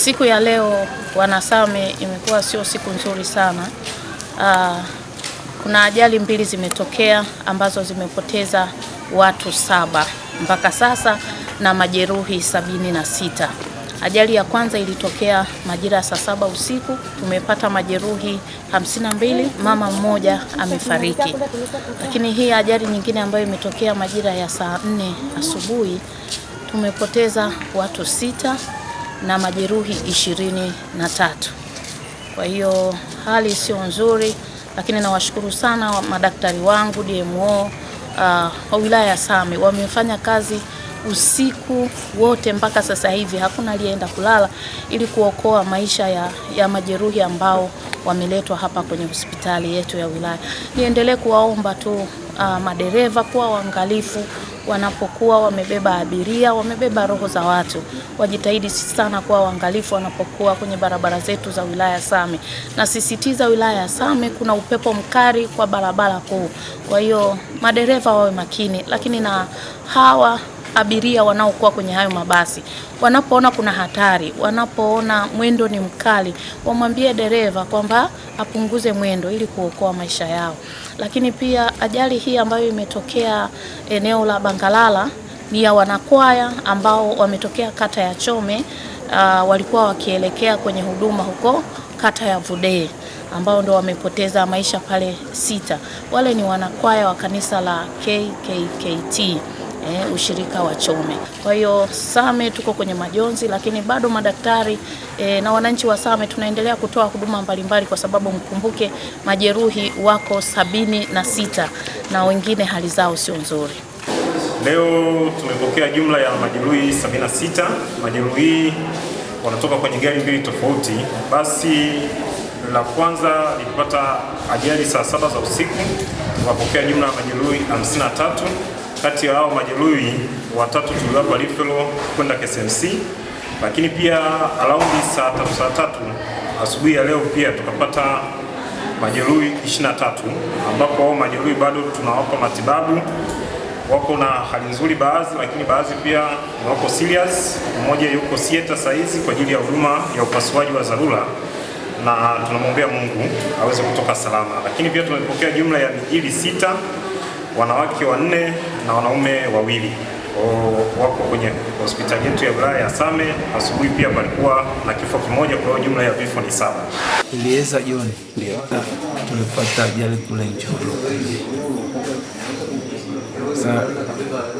Siku ya leo Wanasame imekuwa sio siku nzuri sana. Aa, ah, kuna ajali mbili zimetokea ambazo zimepoteza watu saba mpaka sasa na majeruhi sabini na sita. Ajali ya kwanza ilitokea majira ya saa saba usiku, tumepata majeruhi hamsini mbili, mama mmoja amefariki. Lakini hii ajali nyingine ambayo imetokea majira ya saa nne asubuhi tumepoteza watu sita na majeruhi ishirini na tatu. Kwa hiyo hali sio nzuri, lakini nawashukuru sana wa madaktari wangu DMO uh, wa wilaya ya Same wamefanya kazi usiku wote mpaka sasa hivi hakuna aliyeenda kulala ili kuokoa maisha ya, ya majeruhi ambao wameletwa hapa kwenye hospitali yetu ya wilaya. Niendelee kuwaomba tu uh, madereva kuwa waangalifu wanapokuwa wamebeba abiria, wamebeba roho za watu. Wajitahidi sana kuwa waangalifu wanapokuwa kwenye barabara zetu za wilaya ya Same. Nasisitiza wilaya ya Same kuna upepo mkali kwa barabara kuu, kwa hiyo madereva wawe makini, lakini na hawa abiria wanaokuwa kwenye hayo mabasi. Wanapoona kuna hatari, wanapoona mwendo ni mkali, wamwambie dereva kwamba apunguze mwendo ili kuokoa maisha yao. Lakini pia ajali hii ambayo imetokea eneo la Bangalala ni ya wanakwaya ambao wametokea kata ya Chome. Uh, walikuwa wakielekea kwenye huduma huko kata ya Vudee ambao ndo wamepoteza maisha pale sita. Wale ni wanakwaya wa kanisa la KKKT eh, ushirika wa Chome. Kwa hiyo Same tuko kwenye majonzi, lakini bado madaktari eh, na wananchi wa Same tunaendelea kutoa huduma mbalimbali, kwa sababu mkumbuke majeruhi wako sabini na sita na wengine hali zao sio nzuri. Leo tumepokea jumla ya majeruhi 76. Majeruhi wanatoka kwenye gari mbili tofauti. Basi la kwanza lilipata ajali saa saba za usiku, tukapokea jumla ya majeruhi 53 kati ya hao majeruhi watatu tuliwapa referral kwenda KCMC, lakini pia around saa tatu saa tatu asubuhi ya leo pia tukapata majeruhi 23 ambapo hao majeruhi bado tunawapa matibabu, wako na hali nzuri baadhi, lakini baadhi pia wako serious. Mmoja yuko sieta saizi kwa ajili ya huduma ya upasuaji wa dharura na tunamwombea Mungu aweze kutoka salama, lakini pia tumepokea jumla ya miili sita wanawake wanne na wanaume wawili wako kwenye hospitali yetu ya wilaya ya Same. Asubuhi pia palikuwa na kifo kimoja, kwa jumla ya vifo ni saba. Iliweza jioni ndio ah, tulipata ajali kule Njoro. Sasa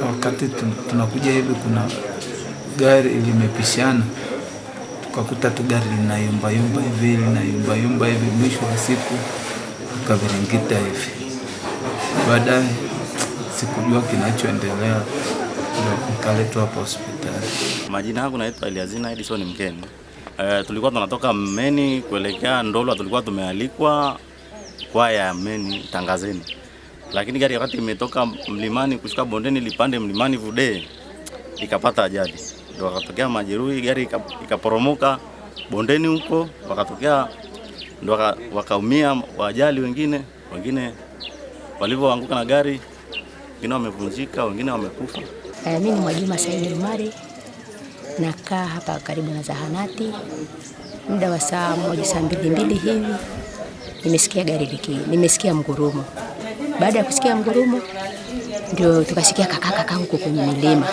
wakati tunakuja hivi, kuna gari limepishana, tukakuta tu gari linayumbayumba hivi linayumbayumba hivi, mwisho wa siku ukaviringita hivi baadaye sikujua kinachoendelea nikaletwa hapa hospitali. Majina yangu naitwa Eliazina Edison Mkeni. Uh, tulikuwa tunatoka Mmeni kuelekea Ndolwa, tulikuwa tumealikwa kwaya ya Mmeni tangazeni, lakini gari wakati imetoka mlimani kushuka bondeni lipande mlimani vude ikapata ajali, ndio wakatokea majeruhi, gari ikaporomoka bondeni huko, wakatokea ndio wakaumia wajali, wengine wengine walivyoanguka na gari wengine wamevunjika, wengine wamekufa. E, mimi ni Mwajuma Saidi Umari, nakaa hapa karibu na zahanati. Muda wa saa moja saa mbili mbili hivi nimesikia gari liki, nimesikia mgurumo. Baada ya kusikia mgurumo, ndio tukasikia kakakaka huko kwenye milima.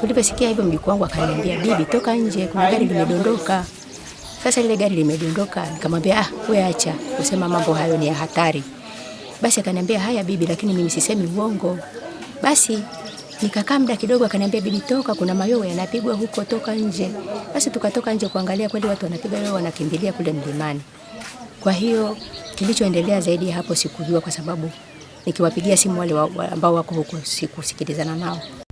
Tuliposikia hivyo, mjukuu wangu akaniambia, bibi, toka nje, kuna gari limedondoka. Sasa lile gari limedondoka, nikamwambia ah, wewe acha kusema mambo hayo, ni ya hatari. Basi akaniambia haya bibi, lakini mimi sisemi uongo. Basi nikakaa muda kidogo, akaniambia bibi, toka, kuna mayowe yanapigwa huko, toka nje. Basi tukatoka nje kuangalia, kweli watu wanapiga yowe, wanakimbilia kule mlimani. Kwa hiyo kilichoendelea zaidi ya hapo sikujua, kwa sababu nikiwapigia simu wale ambao wako huko sikusikilizana nao.